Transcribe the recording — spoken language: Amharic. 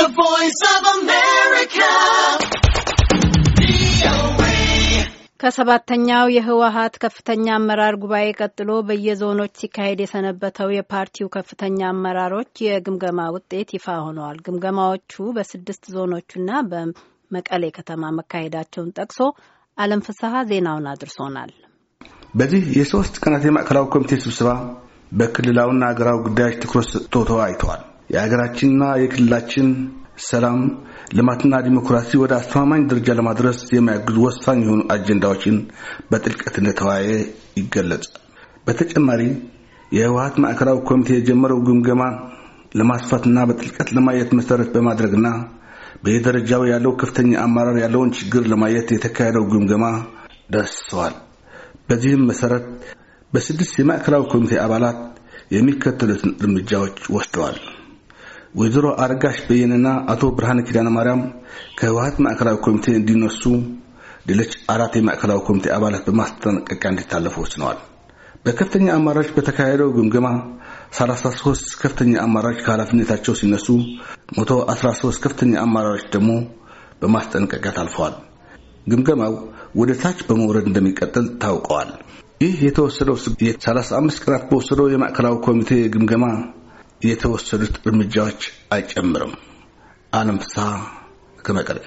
The Voice of America. ከሰባተኛው የህወሀት ከፍተኛ አመራር ጉባኤ ቀጥሎ በየዞኖች ሲካሄድ የሰነበተው የፓርቲው ከፍተኛ አመራሮች የግምገማ ውጤት ይፋ ሆነዋል። ግምገማዎቹ በስድስት ዞኖችና በመቀሌ ከተማ መካሄዳቸውን ጠቅሶ አለም ፍስሀ ዜናውን አድርሶናል። በዚህ የሶስት ቀናት የማዕከላዊ ኮሚቴ ስብሰባ በክልላዊና ሀገራዊ ጉዳዮች ትኩረት ሰጥቶ ተወያይተዋል። የሀገራችንና የክልላችን ሰላም፣ ልማትና ዲሞክራሲ ወደ አስተማማኝ ደረጃ ለማድረስ የሚያግዙ ወሳኝ የሆኑ አጀንዳዎችን በጥልቀት እንደተወያየ ይገለጻል። በተጨማሪ የህወሀት ማዕከላዊ ኮሚቴ የጀመረው ግምገማ ለማስፋትና በጥልቀት ለማየት መሰረት በማድረግና በየደረጃው ያለው ከፍተኛ አመራር ያለውን ችግር ለማየት የተካሄደው ግምገማ ደስሰዋል። በዚህም መሰረት በስድስት የማዕከላዊ ኮሚቴ አባላት የሚከተሉትን እርምጃዎች ወስደዋል። ወይዘሮ አረጋሽ በየነና አቶ ብርሃነ ኪዳነ ማርያም ከህወሀት ማዕከላዊ ኮሚቴ እንዲነሱ ሌሎች አራት የማዕከላዊ ኮሚቴ አባላት በማስጠንቀቂያ እንዲታለፉ ወስነዋል። በከፍተኛ አማራጭ በተካሄደው ግምገማ 33 ከፍተኛ አማራጭ ከኃላፊነታቸው ሲነሱ 113 ከፍተኛ አማራጭ ደግሞ በማስጠንቀቂያ ታልፈዋል። ግምገማው ወደ ታች በመውረድ እንደሚቀጥል ታውቀዋል። ይህ የተወሰደው 35 ቀናት በወሰደው የማዕከላዊ ኮሚቴ ግምገማ የተወሰዱት እርምጃዎች አይጨምርም። አለም ፍስሐ ከመቀለ